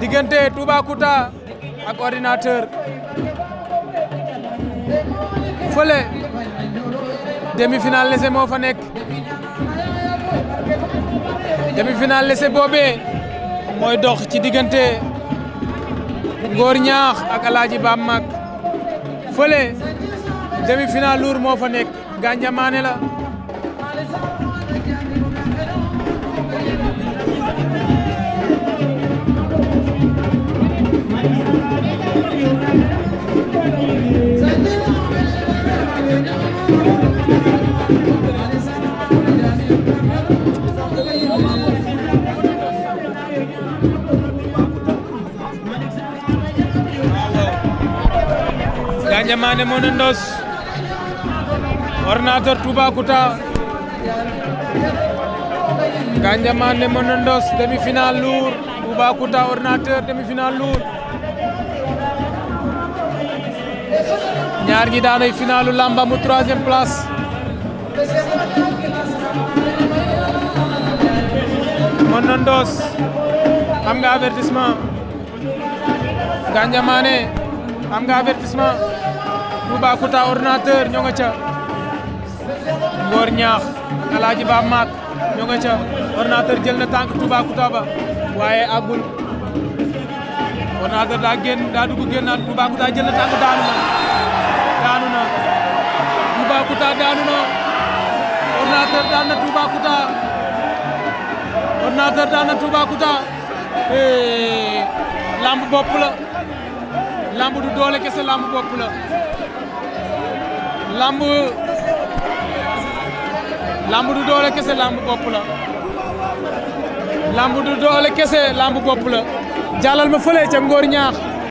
diggante Toubacouta ak ordinateur fële demi-finale lese moo fa nekk demi-finale lese boobee mooy dox ci diggante Ngor Ñaax ak Alaaji Baam Mag fële demi-finale lour moo fa nekk gànjamaane la Gandia Mané moo ne ndos ordinateur Toubacouta Gandia Mané moo ne ndos demi-finale lourd Toubacouta ordinateur demi-finale lourd ñaar gi daanay finalu lamba mu troisième place mën na ndoos am nga avertissement Ganja Mané am nga avertissement Toubacouta ordinateur ñoo nga ca Ngor Ñaax Alaaji Ba Maat ñoo nga jël na tànk Toubacouta ba waaye agul Ordinateur daa génn daa dugg génnaat Toubacouta jël na tànk daanu na daanu na Toubacouta daanu na Ordinateur daan na Toubacouta Ordinateur daan na Toubacouta eh, lamb bopp la lamb du doole kese lamb bopp la lamb lamb du doole kese lamb bopp la lamb du doole kese lamb bopp jàllal ma fële ca ngóor ñaax